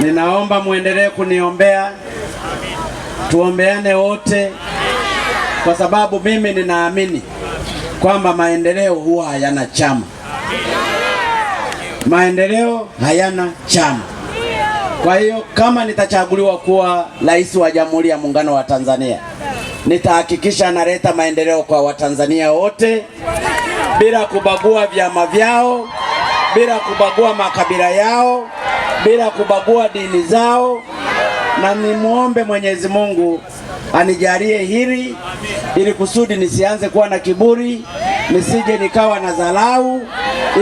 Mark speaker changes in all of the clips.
Speaker 1: Ninaomba muendelee kuniombea, tuombeane wote, kwa sababu mimi ninaamini kwamba maendeleo huwa hayana chama, maendeleo hayana chama. Kwa hiyo kama nitachaguliwa kuwa rais wa Jamhuri ya Muungano wa Tanzania, nitahakikisha naleta maendeleo kwa Watanzania wote bila kubagua vyama vyao, bila kubagua makabila yao bila kubagua dini zao, na nimwombe Mwenyezi Mungu anijalie hili ili kusudi nisianze kuwa na kiburi, nisije nikawa na dharau,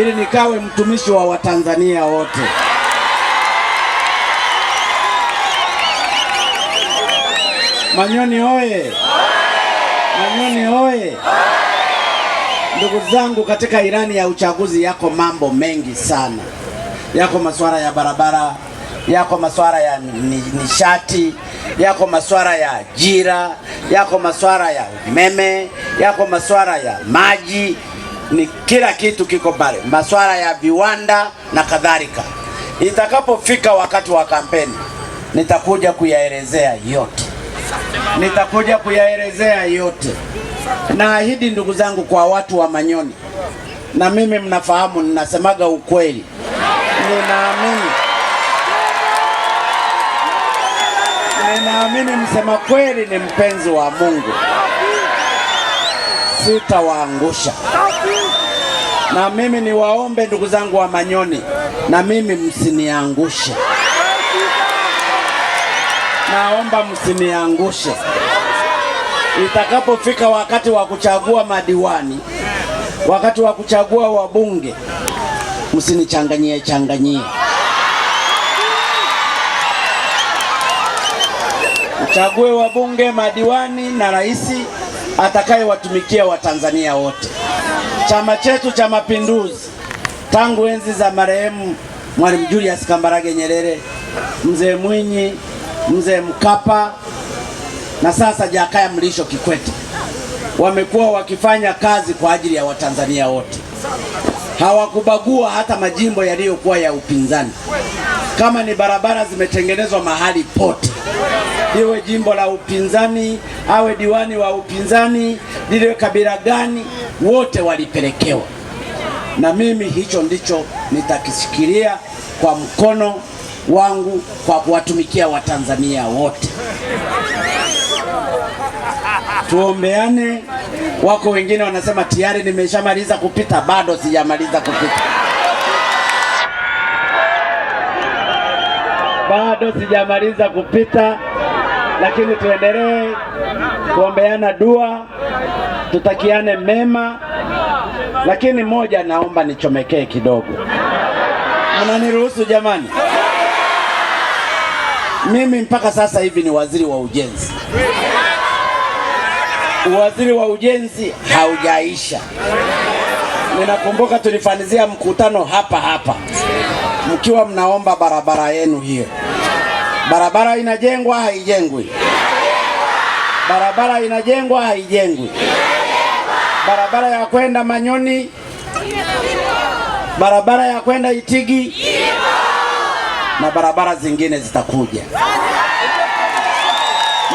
Speaker 1: ili nikawe mtumishi wa Watanzania wote. Manyoni oye! Manyoni oye! Ndugu zangu, katika ilani ya uchaguzi yako mambo mengi sana yako masuala ya barabara, yako masuala ya nishati, yako masuala ya ajira, yako masuala ya umeme, yako masuala ya maji, ni kila kitu kiko pale, masuala ya viwanda na kadhalika. Itakapofika wakati wa kampeni, nitakuja kuyaelezea yote, nitakuja kuyaelezea yote. Naahidi ndugu zangu, kwa watu wa Manyoni, na mimi mnafahamu, ninasemaga ukweli. Ninaamini, ninaamini msema kweli ni mpenzi wa Mungu, sitawaangusha. Na mimi niwaombe ndugu zangu wa Manyoni, na mimi msiniangushe, naomba msiniangushe. Itakapofika wakati wa kuchagua madiwani, wakati wa kuchagua wabunge msinichanganyie changanyie. Mchague wabunge, madiwani na rais atakayewatumikia Watanzania wote. Chama chetu cha Mapinduzi tangu enzi za marehemu Mwalimu Julius Kambarage Nyerere, mzee Mwinyi, mzee Mkapa na sasa Jakaya Mrisho Kikwete wamekuwa wakifanya kazi kwa ajili ya Watanzania wote hawakubagua hata majimbo yaliyokuwa ya upinzani. Kama ni barabara zimetengenezwa mahali pote, iwe jimbo la upinzani, awe diwani wa upinzani, lile kabila gani, wote walipelekewa. Na mimi hicho ndicho nitakishikilia kwa mkono wangu kwa kuwatumikia Watanzania wote. Tuombeane. Wako wengine wanasema tayari nimeshamaliza kupita, bado sijamaliza kupita, bado sijamaliza kupita, lakini tuendelee kuombeana dua, tutakiane mema. Lakini moja, naomba nichomekee kidogo, mnaniruhusu jamani? Mimi mpaka sasa hivi ni waziri wa ujenzi. Uwaziri wa ujenzi haujaisha. Ninakumbuka tulifanizia mkutano hapa hapa mkiwa mnaomba barabara yenu hiyo. Barabara inajengwa haijengwi? Barabara inajengwa haijengwi? Barabara ya kwenda Manyoni, barabara ya kwenda Itigi na barabara zingine zitakuja.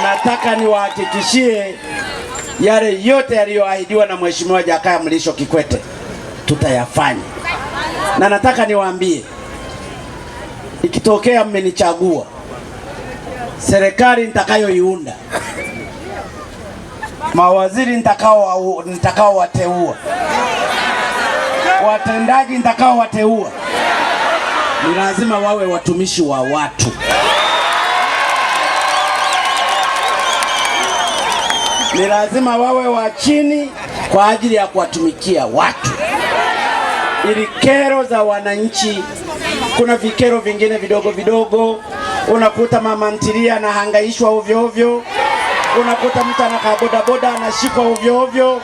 Speaker 1: Nataka niwahakikishie yale yote yaliyoahidiwa na Mheshimiwa Jakaya Mlisho Kikwete tutayafanya, na nataka niwaambie, ikitokea mmenichagua, serikali nitakayoiunda, mawaziri nitakao wateua, watendaji wateua, ni lazima wawe watumishi wa watu. ni lazima wawe wa chini kwa ajili ya kuwatumikia watu, ili kero za wananchi. Kuna vikero vingine vidogo vidogo, unakuta mama ntilia anahangaishwa ovyo ovyo, unakuta mtu anakaa bodaboda anashikwa ovyo ovyo.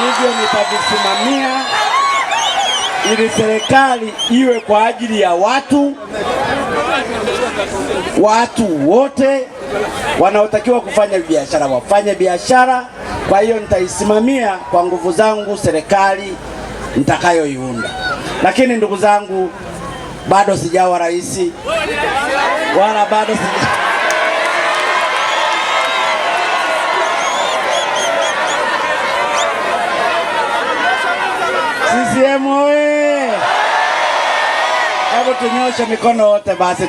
Speaker 1: Hivyo nitavisimamia ili serikali iwe kwa ajili ya watu, watu wote wanaotakiwa kufanya biashara wafanye biashara. Kwa hiyo nitaisimamia kwa nguvu zangu serikali nitakayoiunda, lakini ndugu zangu, bado sijawa rais wala bado sija... CCM oye! Hebu tunyoshe mikono wote basi